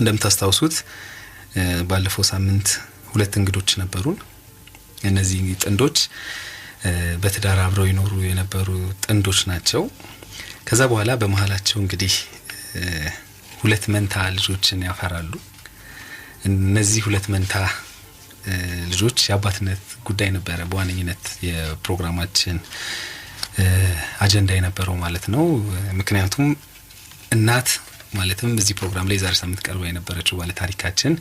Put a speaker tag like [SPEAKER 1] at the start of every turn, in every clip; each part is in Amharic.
[SPEAKER 1] እንደምታስታውሱት ባለፈው ሳምንት ሁለት እንግዶች ነበሩን። እነዚህ ጥንዶች በትዳር አብረው ይኖሩ የነበሩ ጥንዶች ናቸው። ከዛ በኋላ በመሀላቸው እንግዲህ ሁለት መንታ ልጆችን ያፈራሉ። እነዚህ ሁለት መንታ ልጆች የአባትነት ጉዳይ ነበረ በዋነኝነት የፕሮግራማችን አጀንዳ የነበረው ማለት ነው። ምክንያቱም እናት ማለትም በዚህ ፕሮግራም ላይ ዛሬ ሳምንት ቀርባ የነበረችው ባለ ታሪካችን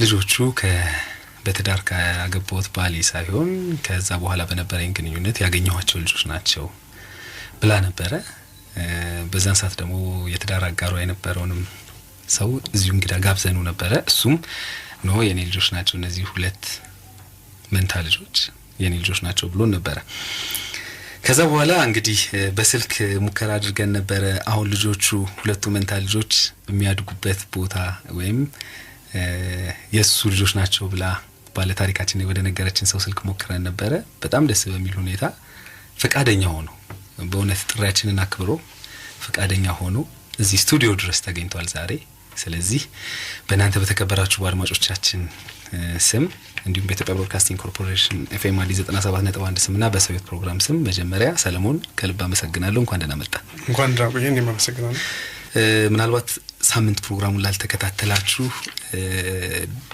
[SPEAKER 1] ልጆቹ በትዳር ካገባሁት ባሌ ሳይሆን ከዛ በኋላ በነበረኝ ግንኙነት ያገኘኋቸው ልጆች ናቸው ብላ ነበረ። በዛን ሰዓት ደግሞ የትዳር አጋሯ የነበረውንም ሰው እዚሁ እንግዳ ጋብዘኑ ነበረ። እሱም ኖ የኔ ልጆች ናቸው እነዚህ ሁለት መንታ ልጆች የኔ ልጆች ናቸው ብሎ ነበረ። ከዛ በኋላ እንግዲህ በስልክ ሙከራ አድርገን ነበረ። አሁን ልጆቹ ሁለቱ መንታ ልጆች የሚያድጉበት ቦታ ወይም የእሱ ልጆች ናቸው ብላ ባለ ታሪካችን ወደ ነገረችን ሰው ስልክ ሞክረን ነበረ። በጣም ደስ በሚል ሁኔታ ፈቃደኛ ሆኖ በእውነት ጥሪያችንን አክብሮ ፈቃደኛ ሆኖ እዚህ ስቱዲዮ ድረስ ተገኝቷል ዛሬ። ስለዚህ በእናንተ በተከበራችሁ በአድማጮቻችን ስም እንዲሁም በኢትዮጵያ ብሮድካስቲንግ ኮርፖሬሽን ኤፍኤም አዲስ ስም ና በሰው ፕሮግራም ስም መጀመሪያ ሰለሞን ከልብ አመሰግናለሁ። እንኳን ደህና መጣ።
[SPEAKER 2] እንኳን ደህና ቆየ። እኔም አመሰግናለሁ።
[SPEAKER 1] ምናልባት ሳምንት ፕሮግራሙን ላልተከታተላችሁ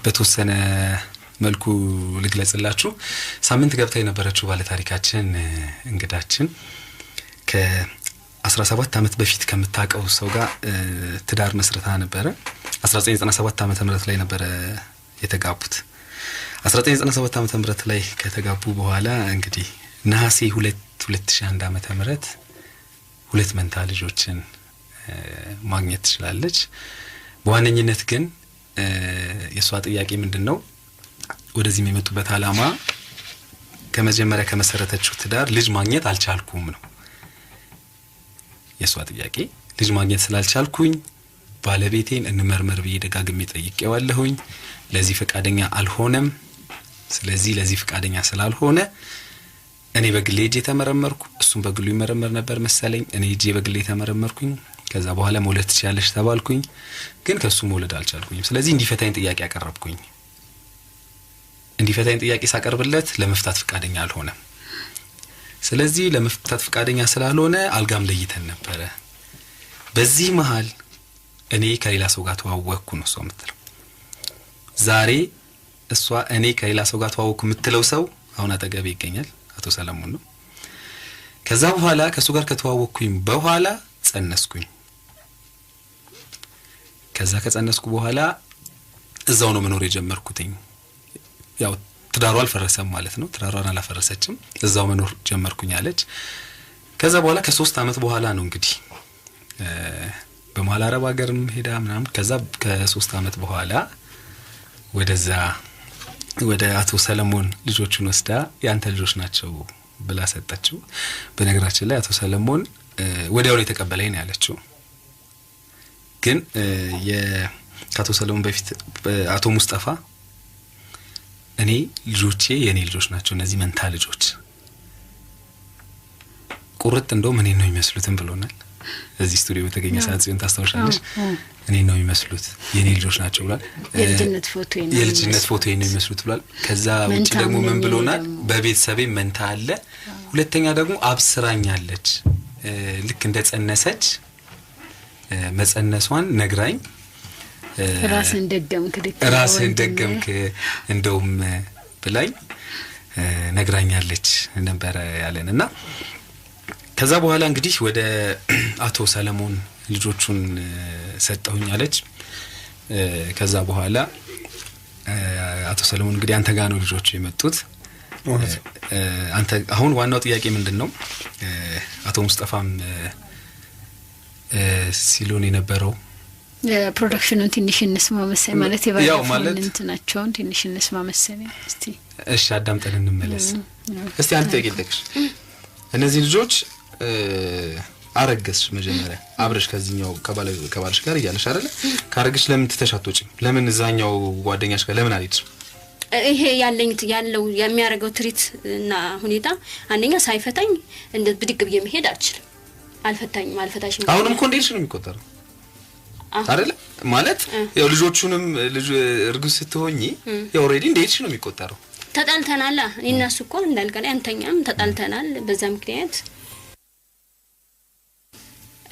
[SPEAKER 1] በተወሰነ መልኩ ልግለጽላችሁ። ሳምንት ገብታ የነበረችው ባለታሪካችን እንግዳችን ከ ሰባት ዓመት በፊት ከምታውቀው ሰው ጋር ትዳር መስረታ ነበረ። 1997 ዓ ም ላይ ነበረ የተጋቡት 1997 ዓ ምህረት ላይ ከተጋቡ በኋላ እንግዲህ ነሐሴ 2 2001 ዓመተ ሁለት መንታ ልጆችን ማግኘት ትችላለች። በዋነኝነት ግን የእሷ ጥያቄ ምንድን ነው? ወደዚህም የመጡበት ዓላማ ከመጀመሪያ ከመሰረተችው ትዳር ልጅ ማግኘት አልቻልኩም ነው የእሷ ጥያቄ። ልጅ ማግኘት ስላልቻልኩኝ ባለቤቴን እንመርመር ብዬ ደጋግሜ ጠይቄዋለሁኝ። ለዚህ ፈቃደኛ አልሆነም። ስለዚህ ለዚህ ፈቃደኛ ስላልሆነ እኔ በግሌ እጄ ተመረመርኩ፣ እሱም በግሉ ይመረመር ነበር መሰለኝ። እኔ እጄ በግሌ ተመረመርኩኝ። ከዛ በኋላ መውለድ ትችላለች ተባልኩኝ። ግን ከእሱ መውለድ አልቻልኩኝም። ስለዚህ እንዲፈታኝ ጥያቄ ያቀረብኩኝ እንዲፈታኝ ጥያቄ ሳቀርብለት ለመፍታት ፈቃደኛ አልሆነም። ስለዚህ ለመፍታት ፈቃደኛ ስላልሆነ አልጋም ለይተን ነበረ። በዚህ መሀል እኔ ከሌላ ሰው ጋር ተዋወቅኩ ነው እሷ የምትለው ዛሬ እሷ እኔ ከሌላ ሰው ጋር ተዋወኩ የምትለው ሰው አሁን አጠገቤ ይገኛል። አቶ ሰለሞን ነው። ከዛ በኋላ ከእሱ ጋር ከተዋወቅኩኝ በኋላ ጸነስኩኝ። ከዛ ከጸነስኩ በኋላ እዛው ነው መኖር የጀመርኩትኝ። ያው ትዳሯ አልፈረሰም ማለት ነው። ትዳሯን አላፈረሰችም። እዛው መኖር ጀመርኩኝ አለች። ከዛ በኋላ ከሶስት አመት በኋላ ነው እንግዲህ በመሀል አረብ ሀገርም ሄዳ ምናምን ከዛ ከሶስት አመት በኋላ ወደዛ ወደ አቶ ሰለሞን ልጆቹን ወስዳ የአንተ ልጆች ናቸው ብላ ሰጠችው። በነገራችን ላይ አቶ ሰለሞን ወዲያውኑ የተቀበለኝ ነው ያለችው። ግን ከአቶ ሰለሞን በፊት አቶ ሙስጠፋ እኔ ልጆቼ የእኔ ልጆች ናቸው፣ እነዚህ መንታ ልጆች ቁርጥ እንደውም እኔ ነው የሚመስሉትም ብሎናል። እዚህ ስቱዲዮ በተገኘ ሰዓት ሲሆን ታስታውሻለች። እኔ ነው የሚመስሉት የኔ ልጆች ናቸው ብሏል። የልጅነት ፎቶ ነው የሚመስሉት ብሏል። ከዛ ውጭ ደግሞ ምን ብሎናል? በቤተሰቤ መንታ አለ። ሁለተኛ ደግሞ አብስራኛለች። ልክ እንደ ጸነሰች መጸነሷን ነግራኝ
[SPEAKER 3] ራስህን ደገምክ
[SPEAKER 1] ደገምክ እንደውም ብላኝ ነግራኛለች ነበረ ያለን እና ከዛ በኋላ እንግዲህ ወደ አቶ ሰለሞን ልጆቹን ሰጠሁኝ አለች። ከዛ በኋላ አቶ ሰለሞን እንግዲህ አንተ ጋ ነው ልጆቹ የመጡት። አንተ አሁን ዋናው ጥያቄ ምንድን ነው? አቶ ሙስጠፋም ሲሉን የነበረው
[SPEAKER 3] ፕሮዳክሽኑን ትንሽ እንስማ መሰለኝ፣ ማለት
[SPEAKER 1] የባለፈውን
[SPEAKER 3] ናቸውን ትንሽ እንስማ መሰለኝ። እስቲ
[SPEAKER 1] እሺ፣ አዳምጠን እንመለስ። እስቲ አንድ ጥያቄ ልጠቅሽ። እነዚህ ልጆች አረገዝሽ መጀመሪያ አብረሽ ከዚህኛው ከባልሽ ጋር እያለሽ አይደለ? ካረግሽ ለምን ትተሽ አትወጪም? ለምን እዛኛው ጓደኛሽ ጋር ለምን አልሄድሽም?
[SPEAKER 4] ይሄ ያለኝ ያለው የሚያደርገው ትሪት እና ሁኔታ አንደኛ ሳይፈታኝ እንደ ብድግ ብዬ መሄድ አልችልም። አልፈታኝም፣ አልፈታሽም።
[SPEAKER 1] አሁንም እኮ እንደሄድሽ ነው የሚቆጠረው አይደለ? ማለት ያው ልጆቹንም ልጅ እርጉዝ ስትሆኚ ኦልሬዲ እንደሄድሽ ነው የሚቆጠረው።
[SPEAKER 4] ተጣልተናል እኔ እና እሱ እኮ እንዳልቀላ አንተኛም ተጣልተናል። በዛ ምክንያት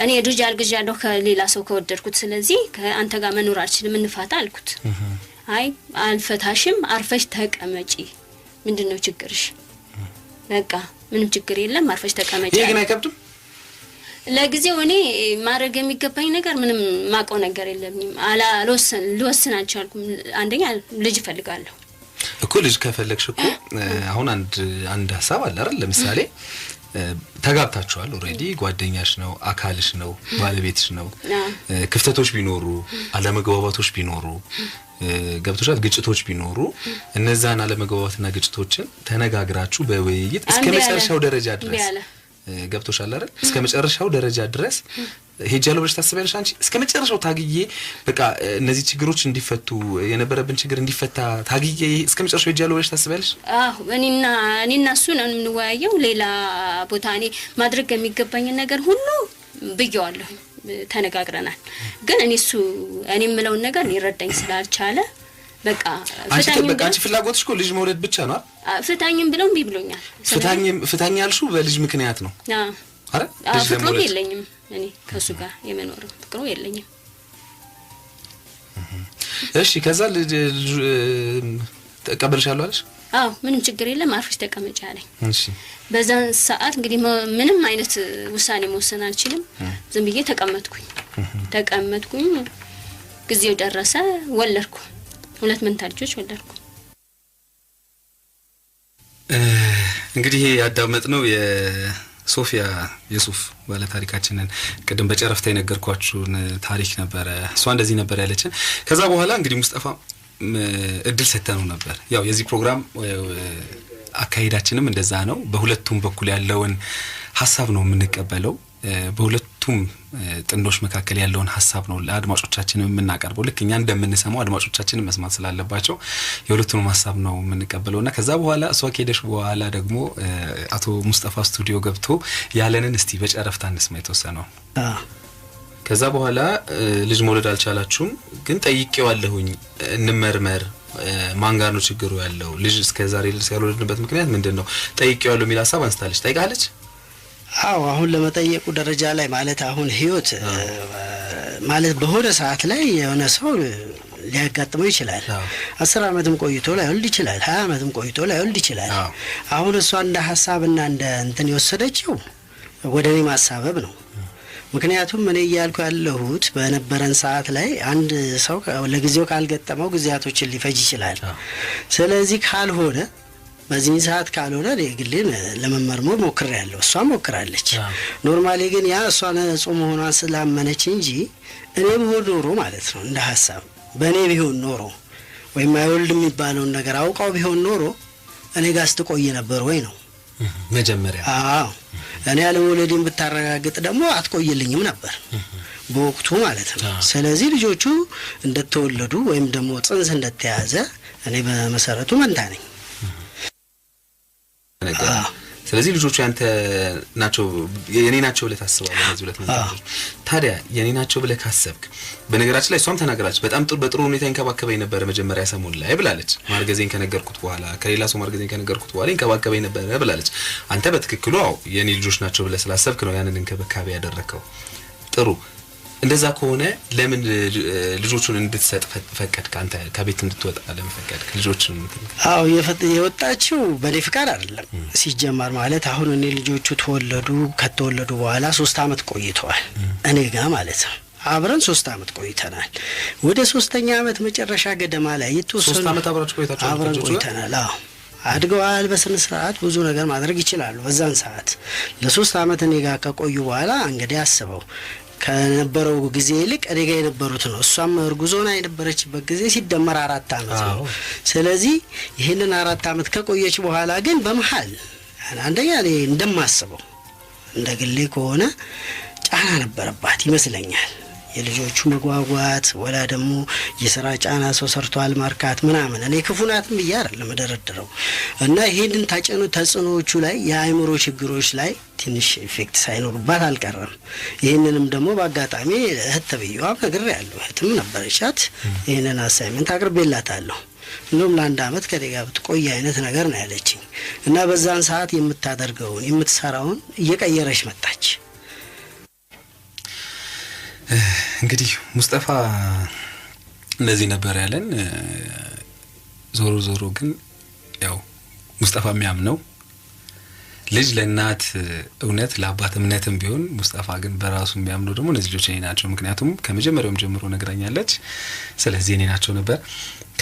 [SPEAKER 4] እኔ ልጅ አርግዣለሁ ከሌላ ሰው ከወደድኩት፣ ስለዚህ ከአንተ ጋር መኖር አልችልም፣ እንፋታ አልኩት። አይ አልፈታሽም፣ አርፈሽ ተቀመጪ። ምንድን ነው ችግርሽ? በቃ ምንም ችግር የለም፣ አርፈሽ ተቀመጪ። ይሄ ግን አይከብድም። ለጊዜው እኔ ማድረግ የሚገባኝ ነገር ምንም ማቀው ነገር የለኝም። ልወስን አልቻልኩም። አንደኛ ልጅ እፈልጋለሁ
[SPEAKER 1] እኮ ልጅ ከፈለግሽ እኮ አሁን አንድ አንድ ሀሳብ አለ አይደል? ለምሳሌ ተጋብታችኋል ኦልሬዲ ጓደኛሽ ነው፣ አካልሽ ነው፣ ባለቤትሽ ነው። ክፍተቶች ቢኖሩ አለመግባባቶች ቢኖሩ ገብቶሻል፣ ግጭቶች ቢኖሩ እነዛን አለመግባባትና ግጭቶችን ተነጋግራችሁ በውይይት እስከ መጨረሻው ደረጃ ድረስ ገብቶሻል አይደል? እስከ መጨረሻው ደረጃ ድረስ ሄጃለሁ ብለሽ ታስቢያለሽ? አንቺ እስከ መጨረሻው ታግዬ በቃ እነዚህ ችግሮች እንዲፈቱ የነበረብን ችግር እንዲፈታ ታግዬ እስከ መጨረሻው ሄጃለሁ ብለሽ ታስቢያለሽ?
[SPEAKER 4] አዎ፣ እኔና እኔና እሱ ነን የምንወያየው። ሌላ ቦታ እኔ ማድረግ የሚገባኝን ነገር ሁሉ ብየዋለሁ፣ ተነጋግረናል። ግን እኔ እሱ እኔ የምለውን ነገር ሊረዳኝ ስላልቻለ
[SPEAKER 1] በቃ አንቺ ፍላጎትሽ እኮ ልጅ መውለድ ብቻ ነው።
[SPEAKER 4] ፍታኝም ብለው እምቢ ብሎኛል።
[SPEAKER 1] ፍታኝ ፍታኝ ያልሽው በልጅ ምክንያት ነው። አዎ
[SPEAKER 4] ፍቅሩም የለኝም እኔ ከእሱ ጋር የመኖርም ፍቅሩ የለኝም።
[SPEAKER 1] እሺ ከዛ ተቀበልሻለሁ አለሽ?
[SPEAKER 4] አዎ ምንም ችግር የለም አርፈሽ ተቀመጪ አለኝ። እሺ በዛን ሰዓት እንግዲህ ምንም አይነት ውሳኔ መወሰን አልችልም። ዝም ብዬ ተቀመጥኩኝ ተቀመጥኩኝ። ጊዜው ደረሰ፣ ወለድኩ። ሁለት መንታ ልጆች ወለድኩ።
[SPEAKER 1] እንግዲህ ያዳመጥ ነው ሶፊያ የሱፍ ባለታሪካችንን ቅድም በጨረፍታ የነገርኳችሁን ታሪክ ነበረ። እሷ እንደዚህ ነበር ያለችን። ከዛ በኋላ እንግዲህ ሙስጠፋ እድል ሰጥተነው ነበር። ያው የዚህ ፕሮግራም አካሄዳችንም እንደዛ ነው። በሁለቱም በኩል ያለውን ሀሳብ ነው የምንቀበለው። በሁለቱም ጥንዶች መካከል ያለውን ሀሳብ ነው ለአድማጮቻችን የምናቀርበው። ልክ እኛ እንደምንሰማው አድማጮቻችን መስማት ስላለባቸው የሁለቱንም ሀሳብ ነው የምንቀበለው እና ከዛ በኋላ እሷ ከሄደች በኋላ ደግሞ አቶ ሙስጠፋ ስቱዲዮ ገብቶ ያለንን እስቲ በጨረፍታ እንስማ የተወሰነው። ከዛ በኋላ ልጅ መውለድ አልቻላችሁም፣ ግን ጠይቄዋለሁኝ እንመርመር ማን ጋር ነው ችግሩ ያለው? ልጅ እስከ ዛሬ ልጅ ያልወለድንበት ምክንያት ምንድን ነው? ጠይቄዋለሁ የሚል ሀሳብ አንስታለች። ጠይቃለች
[SPEAKER 5] አዎ አሁን ለመጠየቁ ደረጃ ላይ ማለት አሁን ህይወት ማለት በሆነ ሰዓት ላይ የሆነ ሰው ሊያጋጥመው ይችላል። አስር ዓመትም ቆይቶ ላይወልድ ይችላል። ሀያ ዓመትም ቆይቶ ላይወልድ ይችላል። አሁን እሷ እንደ ሀሳብና እንደ እንትን የወሰደችው ወደ እኔ ማሳበብ ነው። ምክንያቱም እኔ እያልኩ ያለሁት በነበረን ሰዓት ላይ አንድ ሰው ለጊዜው ካልገጠመው ጊዜያቶችን ሊፈጅ ይችላል። ስለዚህ ካልሆነ በዚህ ሰዓት ካልሆነ ግሌን ሞክር ያለው እሷ ሞክራለች። ኖርማሌ ግን ያ እሷ ነጹ መሆኗን ስላመነች እንጂ እኔ ብሆን ኖሮ ማለት ነው እንደ ሀሳብ በእኔ ቢሆን ኖሮ ወይም አይወልድ የሚባለውን ነገር አውቃው ቢሆን ኖሮ እኔ ጋር ስትቆይ ነበር ወይ ነው መጀመሪያ። አዎ እኔ አለመውለዴን ብታረጋግጥ ደግሞ አትቆይልኝም ነበር በወቅቱ ማለት ነው። ስለዚህ ልጆቹ እንደተወለዱ ወይም ደግሞ ጽንስ እንደተያዘ እኔ በመሰረቱ መንታ ነኝ።
[SPEAKER 1] ነገር ስለዚህ ልጆቹ ያንተ ናቸው የኔ ናቸው ብለህ ታስባለህ። እነዚህ ሁለት መንታዎች ታዲያ የኔ ናቸው ብለህ ካሰብክ፣ በነገራችን ላይ እሷም ተናገራች በጣም በጥሩ ሁኔታ ይንከባከበኝ ነበረ መጀመሪያ ሰሞን ላይ ብላለች። ማርገዜን ከነገርኩት በኋላ ከሌላ ሰው ማርገዜን ከነገርኩት በኋላ ይንከባከበኝ ነበረ ብላለች። አንተ በትክክሉ አዎ የኔ ልጆች ናቸው ብለህ ስላሰብክ ነው ያንን እንክብካቤ ያደረከው። ጥሩ እንደዛ ከሆነ ለምን ልጆቹን እንድትሰጥ ፈቀድክ? አንተ ከቤት እንድትወጣ ለምን ፈቀድክ? ልጆችን
[SPEAKER 5] አዎ፣ የወጣችው በእኔ ፍቃድ አይደለም። ሲጀመር ማለት አሁን እኔ ልጆቹ ተወለዱ። ከተወለዱ በኋላ ሶስት አመት ቆይተዋል እኔ ጋር ማለት ነው። አብረን ሶስት አመት ቆይተናል። ወደ ሶስተኛ አመት መጨረሻ ገደማ ላይ የተወሰኑ አብረን ቆይተናል። አዎ አድገዋል። በስነ ስርዓት ብዙ ነገር ማድረግ ይችላሉ። በዛን ሰዓት ለሶስት አመት እኔ ጋር ከቆዩ በኋላ እንግዲህ አስበው ከነበረው ጊዜ ይልቅ እኔ የነበሩት ነው። እሷም እርጉዞና የነበረችበት ጊዜ ሲደመር አራት አመት ነው። ስለዚህ ይህንን አራት አመት ከቆየች በኋላ ግን በመሀል አንደኛ እኔ እንደማስበው እንደ ግሌ ከሆነ ጫና ነበረባት ይመስለኛል። የልጆቹ መጓጓት ወላ ደግሞ የስራ ጫና ሰው ሰርቷል ማርካት ምናምን እኔ ክፉ ናትም ብዬ አይደለም እደረድረው እና ይህንን ተጭኖ ተጽዕኖዎቹ ላይ የአእምሮ ችግሮች ላይ ትንሽ ኤፌክት ሳይኖርባት አልቀረም። ይህንንም ደግሞ በአጋጣሚ እህት ተብዬዋም ነግር ያለሁ እህትም ነበረቻት ይህንን አሳይመንት አቅርቤላታለሁ። እንዲሁም ለአንድ አመት ከኔ ጋር ብትቆይ አይነት ነገር ነው ያለችኝ እና በዛን ሰዓት የምታደርገውን የምትሰራውን እየቀየረች መጣች።
[SPEAKER 1] እንግዲህ ሙስጠፋ እንደዚህ ነበር ያለን። ዞሮ ዞሮ ግን ያው ሙስጠፋ የሚያምነው ልጅ ለእናት እውነት ለአባት እምነትም ቢሆን ሙስጠፋ ግን በራሱ የሚያምነው ደግሞ እነዚህ ልጆች እኔ ናቸው፣ ምክንያቱም ከመጀመሪያውም ጀምሮ ነግራኛለች። ስለዚህ እኔ ናቸው ነበር።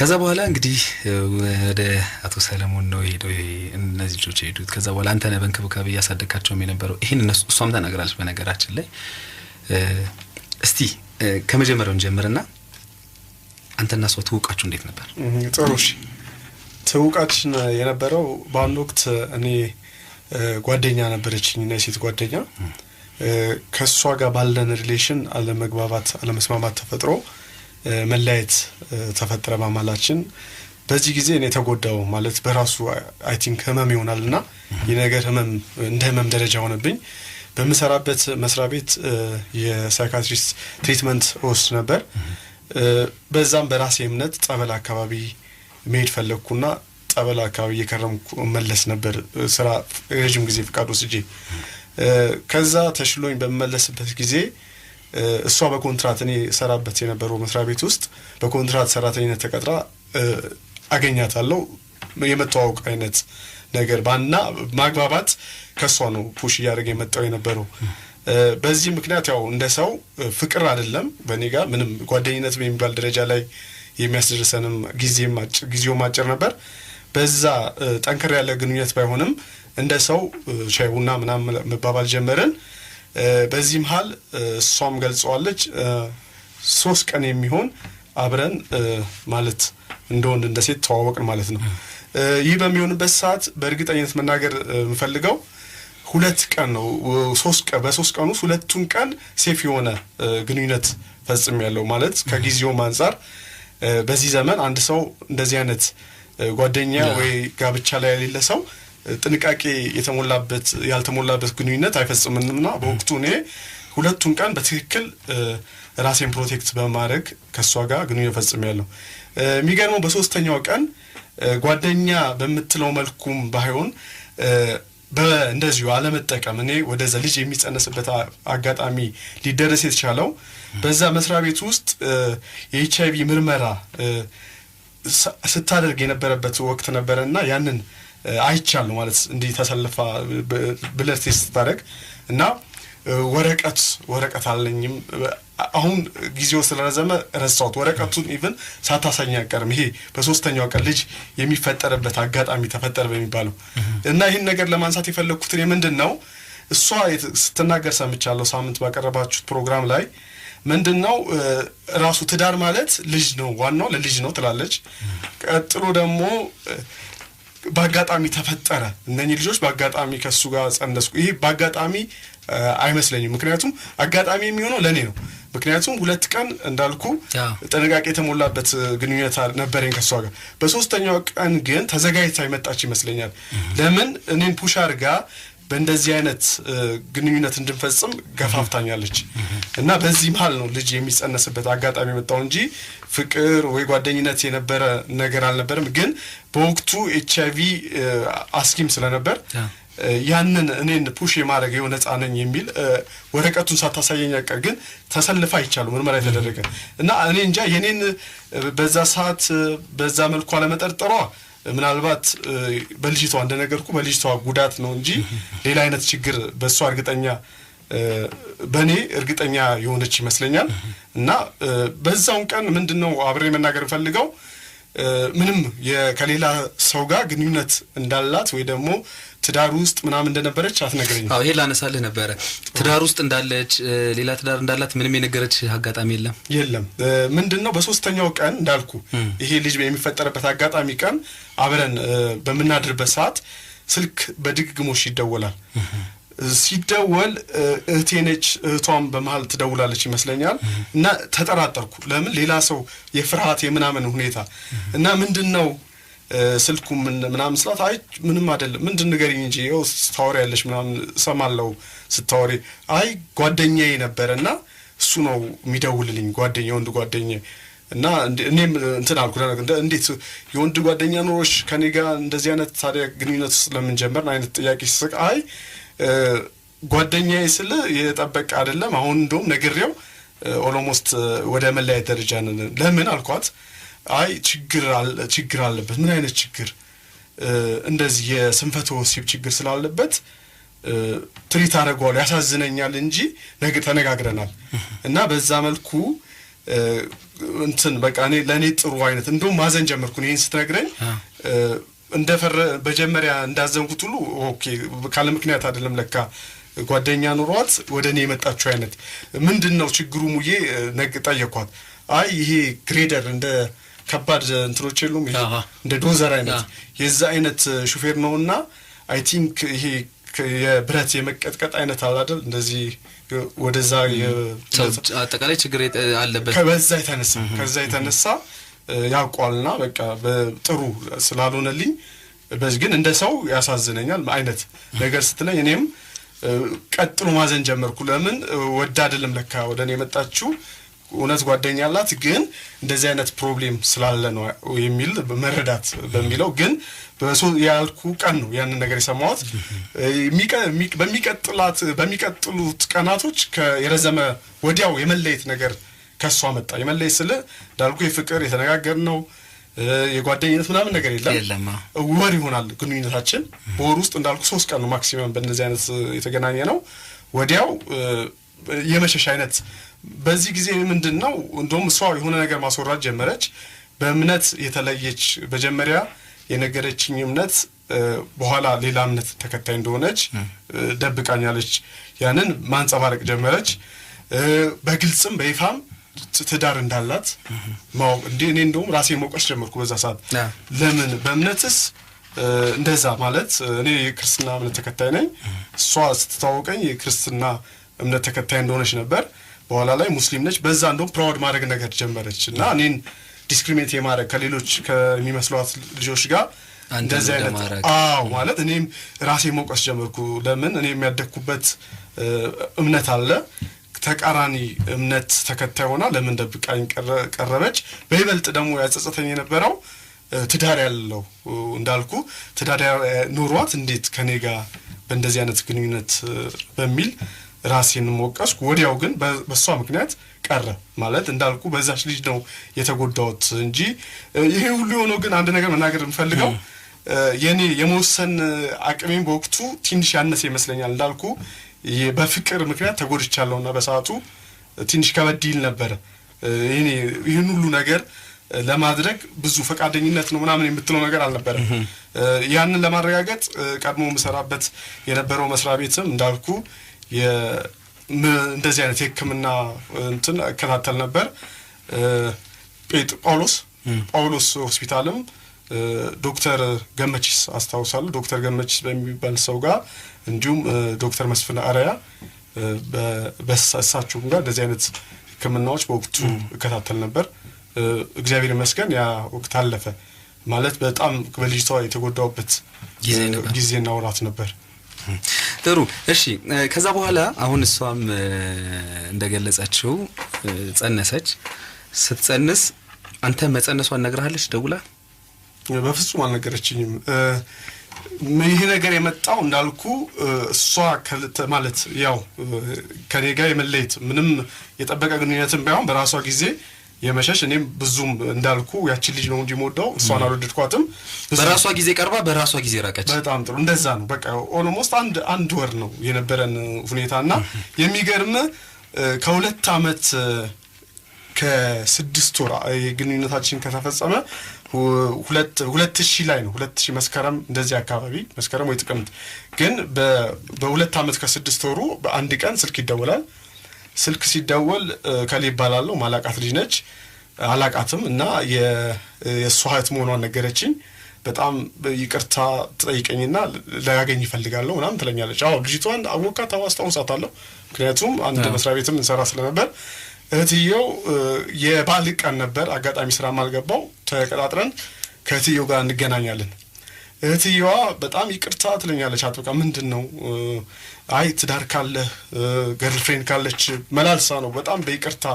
[SPEAKER 1] ከዛ በኋላ እንግዲህ ወደ አቶ ሰለሞን ነው ሄደው እነዚህ ልጆች የሄዱት። ከዛ በኋላ አንተነህ በእንክብካቤ እያሳደግካቸውም የነበረው ይህን እነሱ እሷም ተናግራለች። በነገራችን ላይ እስቲ ከመጀመሪያው እንጀምርና አንተና ሰው ትውቃችሁ እንዴት ነበር?
[SPEAKER 2] ጥሩ እሺ። ትውቃችን የነበረው በአንድ ወቅት እኔ ጓደኛ ነበረችኝ እና የሴት ጓደኛ ከእሷ ጋር ባለን ሪሌሽን አለመግባባት፣ አለመስማማት ተፈጥሮ መለያየት ተፈጠረ ማማላችን። በዚህ ጊዜ እኔ ተጎዳው ማለት በራሱ አይ ቲንክ ህመም ይሆናል እና የነገር ህመም እንደ ህመም ደረጃ ሆነብኝ። በምሰራበት መስሪያ ቤት የሳይካትሪስት ትሪትመንት ወስድ ነበር። በዛም በራሴ እምነት ጸበል አካባቢ መሄድ ፈለግኩና ጸበል አካባቢ እየከረምኩ መለስ ነበር ስራ ረዥም ጊዜ ፍቃድ ወስጄ ከዛ ተሽሎኝ በምመለስበት ጊዜ እሷ በኮንትራት እኔ ሰራበት የነበረው መስሪያ ቤት ውስጥ በኮንትራት ሰራተኝነት ተቀጥራ አገኛታለሁ የመተዋወቅ አይነት ነገር ባና ማግባባት ከሷ ነው ፑሽ እያደረገ የመጣው የነበረው። በዚህ ምክንያት ያው እንደ ሰው ፍቅር አይደለም በእኔ ጋር ምንም ጓደኝነት በሚባል ደረጃ ላይ የሚያስደርሰንም ጊዜውም አጭር ነበር። በዛ ጠንከር ያለ ግንኙነት ባይሆንም እንደ ሰው ሻይ ቡና ምናምን መባባል ጀመርን። በዚህ መሀል እሷም ገልጸዋለች ሶስት ቀን የሚሆን አብረን ማለት እንደወንድ እንደ ሴት ተዋወቅን ማለት ነው። ይህ በሚሆንበት ሰዓት በእርግጠኝነት መናገር የምፈልገው ሁለት ቀን ነው ሶስት ቀን በሶስት ቀን ውስጥ ሁለቱን ቀን ሴፍ የሆነ ግንኙነት ፈጽም ያለው ማለት ከጊዜውም አንጻር በዚህ ዘመን አንድ ሰው እንደዚህ አይነት ጓደኛ ወይ ጋብቻ ላይ የሌለ ሰው ጥንቃቄ የተሞላበት ያልተሞላበት ግንኙነት አይፈጽምምና በወቅቱ እኔ ሁለቱን ቀን በትክክል ራሴን ፕሮቴክት በማድረግ ከእሷ ጋር ግንኙነት ፈጽም ያለው። የሚገርመው በሶስተኛው ቀን ጓደኛ በምትለው መልኩም ባይሆን እንደዚሁ አለመጠቀም። እኔ ወደዚ ልጅ የሚጸነስበት አጋጣሚ ሊደረስ የተቻለው በዛ መስሪያ ቤት ውስጥ የኤች አይቪ ምርመራ ስታደርግ የነበረበት ወቅት ነበረ እና ያንን አይቻለሁ ማለት እንዲህ ተሰልፋ ብለድ ስታደረግ እና ወረቀት ወረቀት አለኝም አሁን ጊዜው ስለረዘመ ረሳሁት። ወረቀቱን ኢቭን ሳታሳኝ አቀርም። ይሄ በሶስተኛው ቀን ልጅ የሚፈጠርበት አጋጣሚ ተፈጠረ በሚባለው እና ይህን ነገር ለማንሳት የፈለግኩትን የምንድን ነው እሷ ስትናገር ሰምቻለሁ። ሳምንት ባቀረባችሁት ፕሮግራም ላይ ምንድን ነው ራሱ ትዳር ማለት ልጅ ነው፣ ዋናው ለልጅ ነው ትላለች። ቀጥሎ ደግሞ በአጋጣሚ ተፈጠረ፣ እነኚህ ልጆች በአጋጣሚ ከሱ ጋር ጸነስኩ። ይሄ በአጋጣሚ አይመስለኝም። ምክንያቱም አጋጣሚ የሚሆነው ለእኔ ነው። ምክንያቱም ሁለት ቀን እንዳልኩ ጥንቃቄ የተሞላበት ግንኙነት ነበረኝ ከሷ ጋር። በሶስተኛው ቀን ግን ተዘጋጅታ የመጣች ይመስለኛል። ለምን እኔን ፑሽ ርጋ በእንደዚህ አይነት ግንኙነት እንድንፈጽም ገፋፍታኛለች እና በዚህ መሀል ነው ልጅ የሚጸነስበት አጋጣሚ የመጣው እንጂ ፍቅር ወይ ጓደኝነት የነበረ ነገር አልነበረም። ግን በወቅቱ ኤች አይቪ አስጊም ስለነበር ያንን እኔን ፑሽ የማድረግ የሆነ ህጻን ነኝ የሚል ወረቀቱን ሳታሳየኝ ቀር ግን ተሰልፋ አይቻሉ ምርመራ የተደረገ እና እኔ እንጃ የኔን በዛ ሰዓት በዛ መልኩ አለመጠርጠሯ ምናልባት በልጅቷ እንደነገርኩ በልጅቷ ጉዳት ነው እንጂ ሌላ አይነት ችግር በእሷ እርግጠኛ በእኔ እርግጠኛ የሆነች ይመስለኛል። እና በዛውን ቀን ምንድን ነው አብሬ መናገር ፈልገው ምንም ከሌላ ሰው ጋር ግንኙነት እንዳላት ወይ ደግሞ ትዳር ውስጥ ምናምን እንደነበረች አትነግረኝ።
[SPEAKER 1] አዎ ይሄ ላነሳልህ ነበረ። ትዳር ውስጥ እንዳለች ሌላ ትዳር እንዳላት ምንም የነገረች አጋጣሚ የለም
[SPEAKER 2] የለም። ምንድን ነው በሶስተኛው ቀን እንዳልኩ ይሄ ልጅ የሚፈጠርበት አጋጣሚ ቀን አብረን በምናድርበት ሰዓት ስልክ በድግግሞሽ ይደወላል። ሲደወል እህቴ ነች። እህቷም በመሀል ትደውላለች ይመስለኛል እና ተጠራጠርኩ። ለምን ሌላ ሰው የፍርሃት የምናምን ሁኔታ እና ምንድን ነው ስልኩ ምናምን ስላት አይ ምንም አይደለም፣ ምንድን ንገሪኝ እንጂ ይኸው ስታወሪ ያለሽ ምናምን ሰማለው ስታወሪ። አይ ጓደኛዬ ነበረ እና እሱ ነው የሚደውልልኝ ጓደኛ የወንድ ጓደኛ እና እኔም እንትን አልኩ እንዴት የወንድ ጓደኛ ኖሮሽ ከኔ ጋር እንደዚህ አይነት ታዲያ ግንኙነት ውስጥ ለምን ጀመርን አይነት ጥያቄ ስስቅ አይ ጓደኛዬ ስል የጠበቀ አይደለም አሁን እንደውም ነግሬው ኦሎሞስት ወደ መለያየት ደረጃ ነን ለምን አልኳት አይ ችግር ችግር አለበት። ምን አይነት ችግር? እንደዚህ የስንፈተ ወሲብ ችግር ስላለበት ትሪት አደረገዋል ያሳዝነኛል እንጂ ነገ ተነጋግረናል እና በዛ መልኩ እንትን በቃ እኔ ለእኔ ጥሩ አይነት እንደውም ማዘን ጀመርኩ። ይህን ስትነግረኝ እንደፈረ መጀመሪያ እንዳዘንኩት ሁሉ ኦኬ ካለ ምክንያት አይደለም ለካ ጓደኛ ኑሯት ወደ እኔ የመጣችው አይነት ምንድን ነው ችግሩ ሙዬ ጠየኳት። አይ ይሄ ግሬደር እንደ ከባድ እንትኖች የሉም እንደ ዶዘር አይነት የዛ አይነት ሹፌር ነው እና አይ ቲንክ ይሄ የብረት የመቀጥቀጥ አይነት አላደል እንደዚህ ወደዛ
[SPEAKER 1] አጠቃላይ ችግር አለበት።
[SPEAKER 2] ከበዛ የተነሳ ከዛ የተነሳ ያውቋልና በቃ በጥሩ ስላልሆነልኝ በዚህ ግን እንደ ሰው ያሳዝነኛል አይነት ነገር ስትለኝ እኔም ቀጥሎ ማዘን ጀመርኩ። ለምን ወደ አይደለም ለካ ወደ እኔ የመጣችው እውነት ጓደኛ አላት፣ ግን እንደዚህ አይነት ፕሮብሌም ስላለ ነው የሚል መረዳት በሚለው ግን በሶ ያልኩ ቀን ነው ያንን ነገር የሰማሁት። በሚቀጥላት በሚቀጥሉት ቀናቶች የረዘመ ወዲያው የመለየት ነገር ከሷ መጣ። የመለየት ስል እንዳልኩ የፍቅር የተነጋገር ነው የጓደኝነት ምናምን ነገር የለም። ወር ይሆናል ግንኙነታችን። በወር ውስጥ እንዳልኩ ሶስት ቀን ነው ማክሲመም በእነዚህ አይነት የተገናኘ ነው። ወዲያው የመሸሽ አይነት በዚህ ጊዜ ምንድን ነው እንደውም እሷ የሆነ ነገር ማስወራት ጀመረች። በእምነት የተለየች መጀመሪያ የነገረችኝ እምነት በኋላ ሌላ እምነት ተከታይ እንደሆነች ደብቃኛለች። ያንን ማንጸባረቅ ጀመረች። በግልጽም በይፋም ትዳር እንዳላት ማወቅ እንዲ እኔ እንደውም ራሴ መውቀስ ጀመርኩ በዛ ሰዓት። ለምን በእምነትስ እንደዛ ማለት እኔ የክርስትና እምነት ተከታይ ነኝ። እሷ ስትታወቀኝ የክርስትና እምነት ተከታይ እንደሆነች ነበር። በኋላ ላይ ሙስሊም ነች። በዛ እንደውም ፕራውድ ማድረግ ነገር ጀመረች እና እኔን ዲስክሪሚኔት የማድረግ ከሌሎች ከሚመስሏት ልጆች ጋር እንደዚህ አይነት አዎ፣ ማለት እኔም ራሴ መውቀስ ጀመርኩ። ለምን እኔ የሚያደግኩበት እምነት አለ ተቃራኒ እምነት ተከታይ ሆና ለምን ደብቃኝ ቀረበች? በይበልጥ ደግሞ ያጸጸተኝ የነበረው ትዳር ያለው እንዳልኩ ትዳር ኖሯት እንዴት ከኔ ጋር በእንደዚህ አይነት ግንኙነት በሚል ራሴን ሞቀስኩ። ወዲያው ግን በእሷ ምክንያት ቀረ ማለት እንዳልኩ በዛች ልጅ ነው የተጎዳሁት እንጂ ይሄ ሁሉ የሆነው ግን አንድ ነገር መናገር የምፈልገው የኔ የመወሰን አቅሜን በወቅቱ ትንሽ ያነሰ ይመስለኛል። እንዳልኩ በፍቅር ምክንያት ተጎድቻለሁና በሰዓቱ ትንሽ ከበድ ይል ነበረ። ይህን ሁሉ ነገር ለማድረግ ብዙ ፈቃደኝነት ነው ምናምን የምትለው ነገር አልነበረም። ያንን ለማረጋገጥ ቀድሞ የምሰራበት የነበረው መስሪያ ቤትም እንዳልኩ እንደዚህ አይነት የሕክምና እንትን እከታተል ነበር። ጳውሎስ ጳውሎስ ሆስፒታልም ዶክተር ገመችስ አስታውሳለሁ። ዶክተር ገመችስ በሚባል ሰው ጋር እንዲሁም ዶክተር መስፍን አርያ በእሳቸውም ጋር እንደዚህ አይነት ሕክምናዎች በወቅቱ እከታተል ነበር። እግዚአብሔር ይመስገን ያ ወቅት አለፈ። ማለት በጣም በልጅቷ የተጎዳውበት ጊዜና ወራት ነበር።
[SPEAKER 1] ጥሩ እሺ። ከዛ በኋላ አሁን እሷም እንደገለጸችው ጸነሰች። ስትጸንስ አንተ መጸነሷን ነግረሃለች ደውላ?
[SPEAKER 2] በፍጹም አልነገረችኝም። ይህ ነገር የመጣው እንዳልኩ እሷ ማለት ያው ከኔ ጋር የመለየት ምንም የጠበቀ ግንኙነትም ባይሆን በራሷ ጊዜ የመሸሽ እኔም ብዙም እንዳልኩ ያችን ልጅ ነው እንጂ የምወዳው እሷን አልወደድኳትም።
[SPEAKER 1] በራሷ ጊዜ ቀርባ በራሷ ጊዜ ራቀች።
[SPEAKER 2] በጣም ጥሩ እንደዛ ነው። በቃ ኦልሞስት አንድ አንድ ወር ነው የነበረን ሁኔታ እና የሚገርም ከሁለት አመት ከስድስት ወር የግንኙነታችን ከተፈጸመ ሁለት ሺህ ላይ ነው ሁለት ሺህ መስከረም እንደዚህ አካባቢ መስከረም ወይ ጥቅምት ግን በሁለት አመት ከስድስት ወሩ በአንድ ቀን ስልክ ይደውላል። ስልክ ሲደወል ከሌ ይባላለሁ ማላቃት ልጅ ነች አላቃትም እና የእሷ እህት መሆኗን ነገረችኝ። በጣም ይቅርታ ትጠይቀኝና ላያገኝ ይፈልጋለሁ ምናምን ትለኛለች። አዎ ልጅቷን አወቃት አዋስታውን ሳታለሁ። ምክንያቱም አንድ መስሪያ ቤትም እንሰራ ስለነበር እህትየው የባል ቀን ነበር። አጋጣሚ ስራ ማልገባው ተቀጣጥረን ከእህትየው ጋር እንገናኛለን እህትየዋ በጣም ይቅርታ ትለኛለች። አጥብቃ ምንድን ነው አይ ትዳር ካለህ ገርልፍሬንድ ካለች መላልሳ ነው በጣም በይቅርታ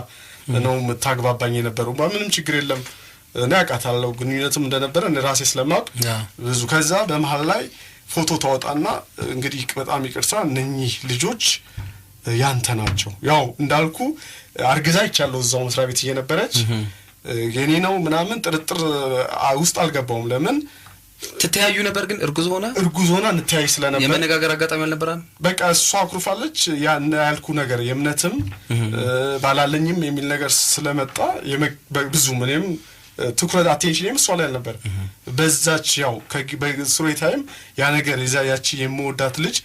[SPEAKER 2] ነው የምታግባባኝ የነበረው። ምንም ችግር የለም እኔ አውቃታለሁ፣ ግንኙነትም እንደነበረ እኔ ራሴ ስለማውቅ ብዙ ከዛ በመሀል ላይ ፎቶ ታወጣና እንግዲህ በጣም ይቅርታ እነኚህ ልጆች ያንተ ናቸው። ያው እንዳልኩ አርግዛ ይቻለሁ እዛው መስሪያ ቤት እየነበረች የኔ ነው ምናምን ጥርጥር ውስጥ አልገባውም ለምን
[SPEAKER 1] ትተያዩ ነበር ግን እርጉዝ ሆና
[SPEAKER 2] እርጉዝ ሆና እንተያይ ስለነበር
[SPEAKER 1] የመነጋገር አጋጣሚ አልነበረም።
[SPEAKER 2] በቃ እሷ አኩርፋለች። ያን ያልኩ ነገር የእምነትም ባላለኝም የሚል ነገር ስለመጣ ብዙ ምንም ትኩረት አቴንሽንም እሷ ላይ አልነበር። በዛች ያው በስሮዬ ታይም ያ ነገር የዛ ያቺ የምወዳት ልጅ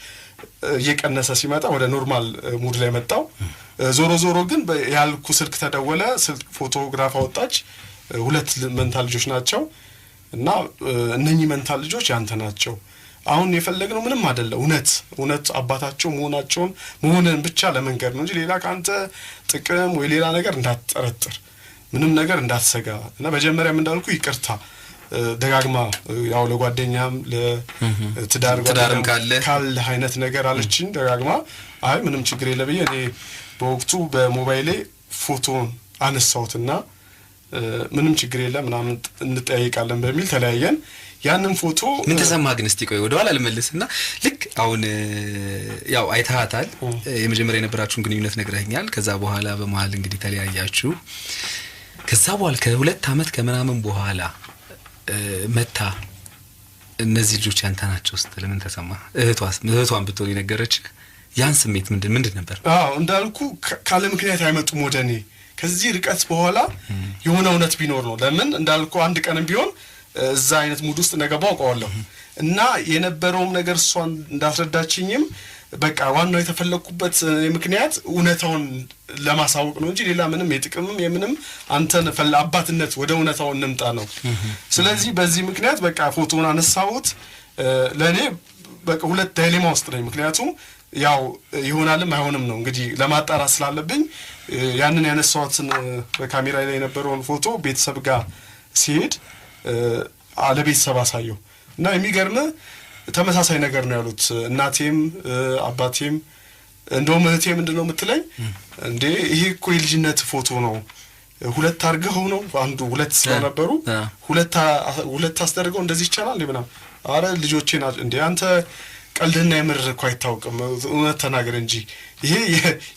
[SPEAKER 2] እየቀነሰ ሲመጣ ወደ ኖርማል ሙድ ላይ መጣው። ዞሮ ዞሮ ግን ያልኩ ስልክ ተደወለ። ስልክ ፎቶግራፍ አወጣች። ሁለት መንታ ልጆች ናቸው። እና እነኚህ መንታ ልጆች ያንተ ናቸው። አሁን የፈለግነው ምንም አይደለ፣ እውነት እውነት አባታቸው መሆናቸውን መሆንን ብቻ ለመንገድ ነው እንጂ ሌላ ከአንተ ጥቅም ወይ ሌላ ነገር እንዳትጠረጥር፣ ምንም ነገር እንዳትሰጋ እና መጀመሪያም እንዳልኩ ይቅርታ ደጋግማ ያው ለጓደኛም ለትዳር ጓደኛም ካለ አይነት ነገር አለችኝ። ደጋግማ አይ ምንም ችግር የለ እኔ በወቅቱ በሞባይሌ ፎቶን አነሳሁትና ምንም ችግር የለም ምናምን እንጠያይቃለን በሚል ተለያየን። ያንን ፎቶ
[SPEAKER 1] ምን ተሰማ ግን? እስቲ ቆይ ወደኋላ ልመልስ እና ልክ አሁን ያው አይተሃታል፣ የመጀመሪያ የነበራችሁን ግንኙነት ነግረኛል። ከዛ በኋላ በመሀል እንግዲህ ተለያያችሁ። ከዛ በኋላ ከሁለት አመት ከምናምን በኋላ መታ እነዚህ ልጆች ያንተ ናቸው ስትል ምን ተሰማ? እህቷን ብትሆን የነገረች ያን ስሜት ምንድን ምንድን ነበር?
[SPEAKER 2] አዎ እንዳልኩ ካለ ምክንያት አይመጡም ወደ እኔ ከዚህ ርቀት በኋላ የሆነ እውነት ቢኖር ነው። ለምን እንዳልኩ አንድ ቀንም ቢሆን እዛ አይነት ሙድ ውስጥ ነገ አውቀዋለሁ እና የነበረውም ነገር እሷ እንዳስረዳችኝም በቃ ዋናው የተፈለግኩበት ምክንያት እውነታውን ለማሳወቅ ነው እንጂ ሌላ ምንም የጥቅምም የምንም አንተን ፈላ አባትነት ወደ እውነታውን እንምጣ ነው። ስለዚህ በዚህ ምክንያት በቃ ፎቶውን አነሳሁት። ለእኔ በቃ ሁለት ዳይሌማ ውስጥ ነኝ። ምክንያቱም ያው ይሆናልም አይሆንም ነው እንግዲህ ለማጣራት ስላለብኝ ያንን ያነሳኋትን በካሜራ ላይ የነበረውን ፎቶ ቤተሰብ ጋር ሲሄድ ለቤተሰብ አሳየው እና የሚገርም ተመሳሳይ ነገር ነው ያሉት። እናቴም አባቴም እንደውም እህቴ ምንድን ነው የምትለኝ፣ እንዴ ይሄ እኮ የልጅነት ፎቶ ነው ሁለት አድርገው ነው አንዱ ሁለት ስለነበሩ ሁለት አስደርገው እንደዚህ ይቻላል ምናምን። አረ ልጆቼ ናቸው እንዴ አንተ ቀልድና የምር እኮ አይታወቅም። እውነት ተናገር እንጂ ይሄ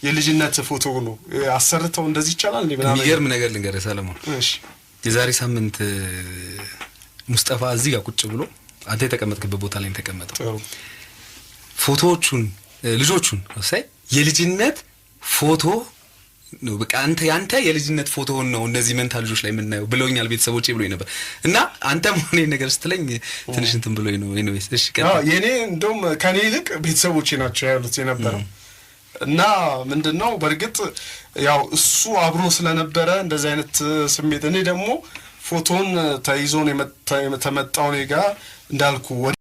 [SPEAKER 2] የልጅነት ፎቶ ነው። አሰርተው እንደዚህ ይቻላል።
[SPEAKER 1] የሚገርም ነገር ልንገርህ ሰለሞን፣ የዛሬ ሳምንት ሙስጠፋ እዚህ ጋር ቁጭ ብሎ አንተ የተቀመጥክበት ቦታ ላይ የተቀመጠው ፎቶዎቹን ልጆቹን ሳይ የልጅነት ፎቶ ነው በቃ አንተ ያንተ የልጅነት ፎቶውን ነው እነዚህ መንታ ልጆች ላይ የምናየው ብለውኛል ቤተሰቦቼ ብሎኝ ነበር። እና አንተ ሆነ ነገር ስትለኝ ትንሽ እንትን ብሎኝ ነው። ኤኒዌይስ
[SPEAKER 2] እሺ፣ የኔ እንደውም ከኔ ይልቅ ቤተሰቦቼ ናቸው ያሉት የነበረው እና ምንድን ነው በእርግጥ ያው እሱ አብሮ ስለነበረ እንደዚህ አይነት ስሜት እኔ ደግሞ ፎቶን ተይዞን ተመጣው እኔ ጋር እንዳልኩ